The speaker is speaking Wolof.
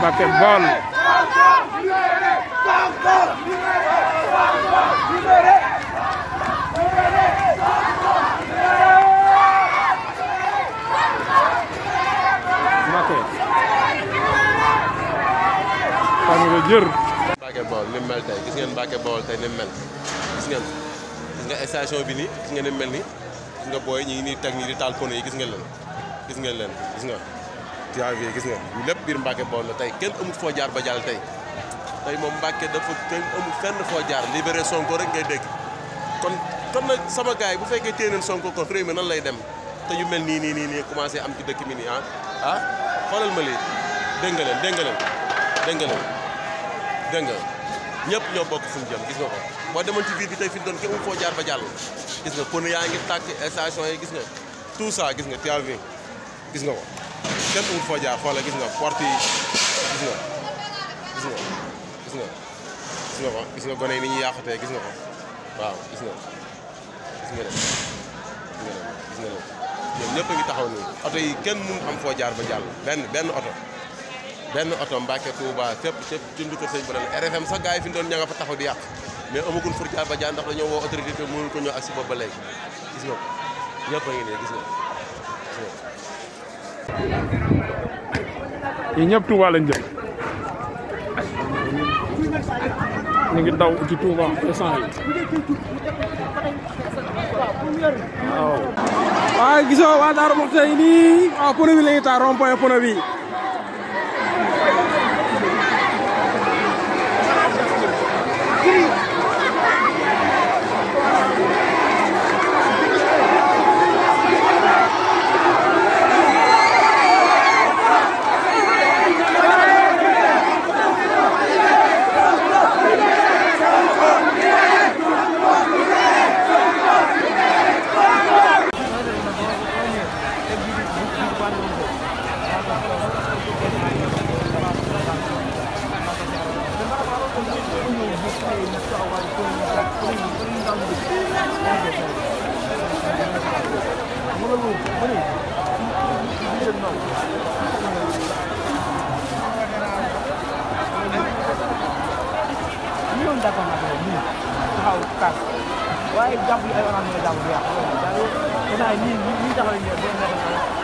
Mbacké Baol Mbacké xam nga ni mel tey gis ngeen Mbacké Baol tey ni mel gis ngeen gis bi nii gis nga ni mel ni gis nga booy ñi ngi nii teg nii di taal yi gis ngeen leen gis ngeen leen gis nga janvier gis nga lépp biir Mbacke bool la tey kenn amul foo jaar ba jàll tey tey moom Mbacke dafa kenn amul fenn foo jaar libéré Sonko rek ngay dégg kon kon nag sama gars yi bu fekkee téye nañ Sonko kon réew mi nan lay dem te yu mel nii nii nii nii commencé am ci dëkk mi nii ah ah xoolal ma lii dégg nga leen dégg nga leen dégg nga ñëpp ñoo bokk fu ñu jëm gis nga ko boo demoon ci biir bi tey fi ñu doon kenn foo jaar ba jàll gis nga pneu yaa ngi tàkk station gis nga tout ça gis nga tiavi gis nga ko kenn amul foo jaar gis nga porte yi gis nga gis nga gis nga gis ni ñuy yàqutee gis nga ko waaw gis nga gis nga dem gis nga dem gis nga ñëpp ngi taxaw nii oto yi kenn mënul am foo jaar ba jàll benn benn oto benn oto Mbacke Touba fépp fépp tund ko sëñ Bada RFM sax gars yi fi doon ña nga fa taxaw di yàq mais amagul fur jaar ba jaar ndax dañoo woo autorité te mënul ko ñëw ak si bopp ba léegi gis nga ko ñëpp a ngi nii gis nga gis yi ñëpp Touba lañ ngi daw ci Touba instant yi waaw waaye gisoo waa Darou Mouhty nii waaw pono bi la ñuy taal rond waaye jàpp yi ay orange mooy jàpp bu yàqu daal dinaa nii nii taxaw ñu